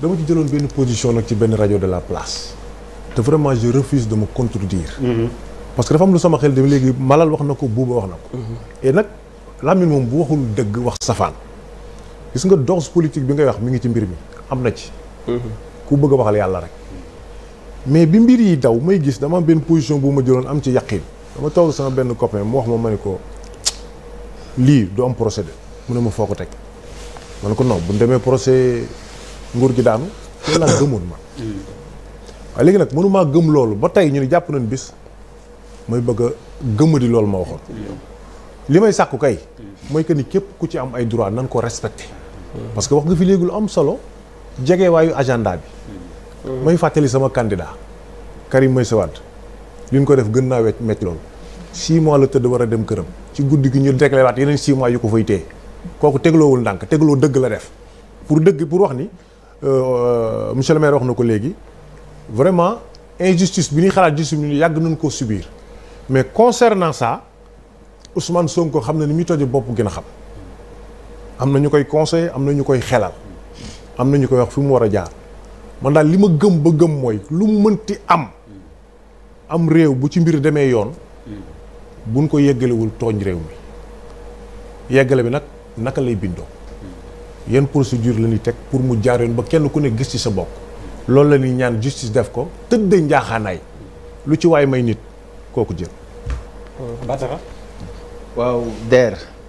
dama ci jëloon benn position nag ci benn rajo de la place te vraiment je refuse de me contredire. Mmh. parce que dafa am lu sama xel de léegi Malal wax na ko Bouba wax na ko. Mhm. et nag Lamine moom bu waxul dëgg wax safaan. gis nga dose politique bi ngay wax mu ngi ci mbir mi am na ci. Mhm. ku bëgg a waxal yàlla rek. mais bi mbir yi daw may gis dama am benn position bu ma jëloon am ci yàqin dama toog sama benn copain mu wax ma ma ne ko lii du am procédé mu ne ma foo teg nguur gi daanu loolu laa gëmoon ma waaye léegi nag mënumaa gëm loolu ba tey ñu ne jàpp nañ bis mooy bëgg gëmadi gëmm di loolu ma waxoon li may sàkku kay mooy que ni képp ku ci am ay droit nan ko respecté parce que wax nga fi léegi lu am solo jegewaayu agenda bi may fàttali sama candidat Karim Meïssa Wade li ñu ko def gën naa wecc metti loolu six mois la tëdd war a dem këram ci guddi gi ñu déclaré waat yeneen six mois yu ko fay téye kooku tegloowul ndànk tegloo dëgg la def pour dëgg pour wax ni Euh, euh, monsieur le wax na ko léegi vraiment injustice bi ñuy xalaat justice bi ñu yàgg nañ koo subir mais concernant ça Ousmane Sonko xam ne ni muy toje bopp gën a xam am na ñu koy conseillé am na ñu koy xelal am na ñu koy wax fi mu war a jaar man daal li ma gëm ba gëm mooy lu mu mënti am am réew bu ci mbir demee yoon buñ ko yeggalewul tooñ réew mi yeggale bi nag naka lay bindoo yan procédure la ñuy teg pour mu jaar yoon ba kenn ku ne gis ci sa bopp loolu la ñuy ñaan justice def ko tëdd njaaxaanaay lu ci waay may nit kooku jël. Batara waaw DER.